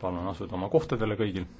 palun asuda oma kohtadele kõigil.